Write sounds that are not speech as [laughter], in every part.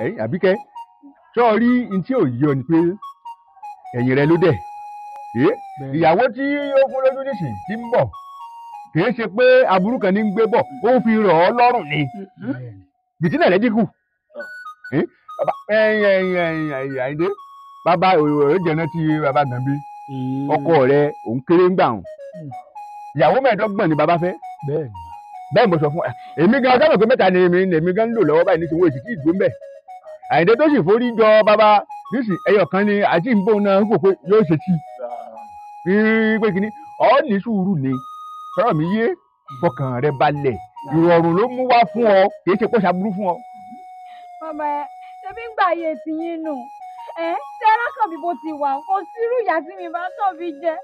ẹ̀yìn àbíkẹ́ tó rí n tí ò yọ ni pé ẹ̀yìn rẹ ló dẹ̀ ìyàwó tí ó fún lójú nìsín ti ń bọ̀ kìí ṣe pé aburú kan ní ń gbé bọ̀ ó fi rọ̀ ọ́ lọ́rùn ni bìtínà rẹ dínkù àyíndé bàbá òyòrò jẹ̀nà ti bàbá gànbí hmm. ọkọ rẹ òun kéré ń gbà hàn hmm. ìyàwó mẹ́ẹ̀ẹ́dọ́gbọ̀n ni bàbá fẹ́ bẹ́ẹ̀ mo sọ fún ẹ èmi gan ọjọ́ mọ̀ pé mẹ́ta ni èmi gan ń lò lọ́wọ́ báyìí nítorí wọn èsì tí ì dúró ń àyìndé tó sì forí jọ bàbá nísì ẹyọ kan ni àjíǹbó náà ń pò pé yóò ṣe tí pé kínní ọ ní sùúrù ni sọ̀rọ̀ mi yé fọkàn rẹ balẹ̀ ìrọ̀rùn ló mú wá fún ọ kìí ṣe kó ṣàbúrú fún ọ. bàbá ẹ ṣebí ń gbà yé tiyín nù ẹ ṣe alákànbí bó ti wà kó sírú ìyá tí mi bá kàn fi jẹ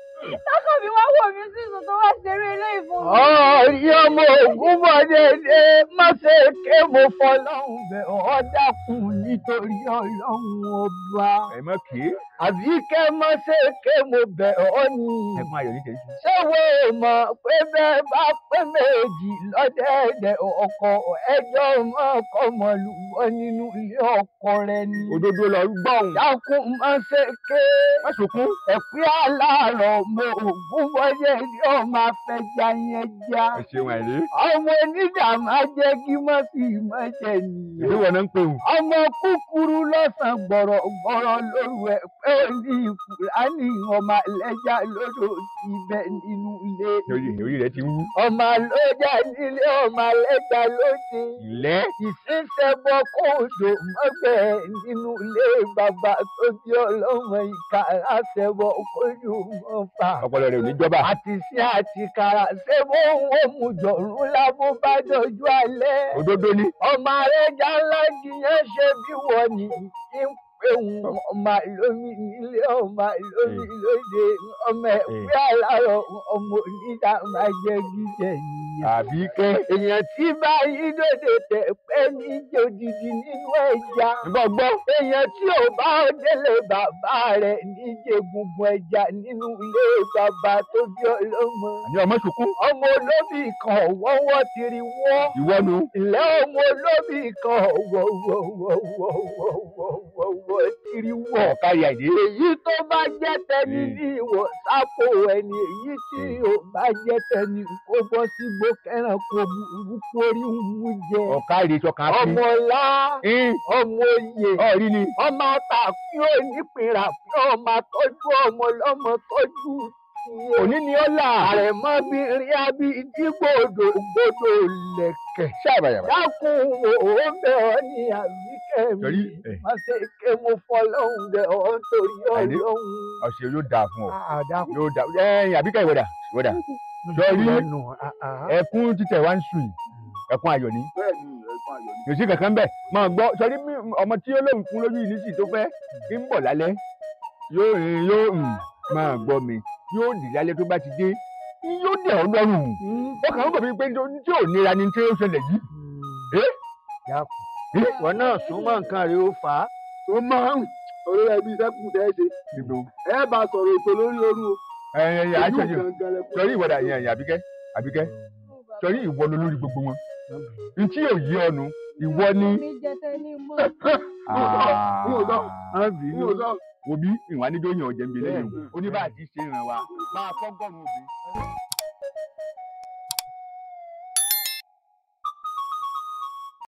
Sákọ̀ mi wá wò mí sí ìsọ̀ tó wá ṣeré ilé ìfún mi. Ọ̀yẹ́ ògún bọ̀ dédé, má ṣe ké mo fọlọ́hún bẹ̀ ọ́ dákun nítorí ọlọ́hun ọba. Ẹ má kí. Àbí kẹ́ má ṣe ké mo bẹ̀ ọ́ ni. Ẹ má yọ̀ nítorí. Ṣé wo e mọ̀ pé bẹ́ẹ̀ bá pé méjì lọ́dẹ̀ẹ̀dẹ̀ ọkọ ẹjọ́ mọ́ ọkọ mọ̀lúwọ́ nínú ilé ọkọ rẹ ni. Òdodo lọ gbọ̀n ọmọ ògún bọ́jẹ́ ni ó máa fẹja yẹn já. ọmọ onídàámá jẹ́ kí mọ́ fi ìmọ̀ ṣe nìyẹn. ìwọ náà ń pè wù. ọmọ kúkúrú lọ́sàn-án gbọ̀rọ̀ gbọ̀rọ̀ lóru ẹ̀ pé ó ní ìkùránì ọmọ ẹlẹ́jà lódò ti bẹ nínú ilé. òyì rẹ ti wú. ọmọ alójà nílé ọmọ ẹlẹ́jà lóde. ilẹ̀. ìṣẹ́ṣẹ́bọ kó òjò mọ́gbẹ́ nínú ilé bàbá tó bí ọlọ́mọ ìkà láṣẹ bọ kójú mọ́ ọpọlọ rẹ ò ní jọba. àti sí àti kàrà ṣé mo ń wò mú jọ̀rú lábó dojú alẹ́. òdodo ni. ọmọ rẹ̀ jà ńlá kìyàn ṣe bí wọ́n ní ọmọ lómi nílé ọmọ lómi lóde ọmọ ẹgbẹ alárọ ọmọ onídà máa jẹ gíjẹ yìí. àbíkẹ́. èèyàn tí bá yí lóde tẹ̀ pé ní jòdìdì nínú ẹja. gbọ́gbọ́. èèyàn tí ò bá délé bàbá rẹ̀ níje gungun ẹja nínú ilé bàbá tó bí ọlọ́mọ. àní ọmọ ṣùkú. ọmọ olóbì kan wọ́wọ́ tiri wọ́. ìwọ́nu. ìlẹ́ ọmọ olóbì kan wọ́wọ́wọ́wọ́wọ́wọ́ wọ kiri wọ káyà yìí. èyí tó bá jẹ́ tẹni hmm. ní ìwọ sápò ẹni èyí tí hmm. ò bá jẹ́ tẹni kó bọ́ sí gbókẹ́ràn kó burúkú orí wú jẹ. ọ̀ka ìrètò kan fi. ọmọ ọlá hmm. ọmọ oyè ọmọ àtàkùn yóò ọmọ àtọ́jú ọmọ lọ́mọ tọ́jú òní ni ó là. àrẹ̀mọ́ bíi rí abí dígbòdò gbòdò lẹ̀kẹ̀. ṣáàbàyàbà. dákun òun bẹ̀ ní àbíkẹ́ mi má ṣe ké mo fọ́ lọ́hùn dẹ ọ́ nítorí ọlọ́hùn. ọ̀sẹ̀ yóò dáa fún ọ yóò dáa ẹ̀yìn àbíkẹ́ ìwọ̀dà ìwọ̀dà sọ́ọ́rí ẹkún títẹ̀ wá ń sùn hmm. ẹkún ayọ̀ ni yòòsì kankan bẹ́ẹ̀ máa gbọ́ sọ́ọ́rí ọmọ tí ó lóun fún lójú yìí nísì tó fẹ́ kí ń bọ̀ lálẹ́ yóò yóò hmm, máa gbọ́ mi yóò dì lálẹ́ tó bá ti dé yóò dẹ̀ ọ́ lọ́rùn ọkàn hmm. ó bẹ̀ mí pé tí ò nira ni tí ó ṣẹlẹ̀ yìí ìwọ náà súnmọ́ nǹkan rẹ ó fà á. ó máa ń òróró ẹbí sẹ́kù tẹ́ẹ̀dé. ẹ bá sọ̀rọ̀ ètò lórí ooru o. ẹyẹ ẹyẹ àṣẹjù sọrí ìwọ dà yẹn ẹyẹ àbíkẹ́ àbíkẹ́ sọrí ìwọ ló lórí gbogbo wọn. ntí yóò yí ọnu ìwọ ni. [laughs] Ah. òbí ìwà nídòyìn ọ̀jẹ̀ ń bẹ lẹ́yìn o ní bá a ti ṣe ìrànwá máa fọ́gọ́rùn-ún obìnrin.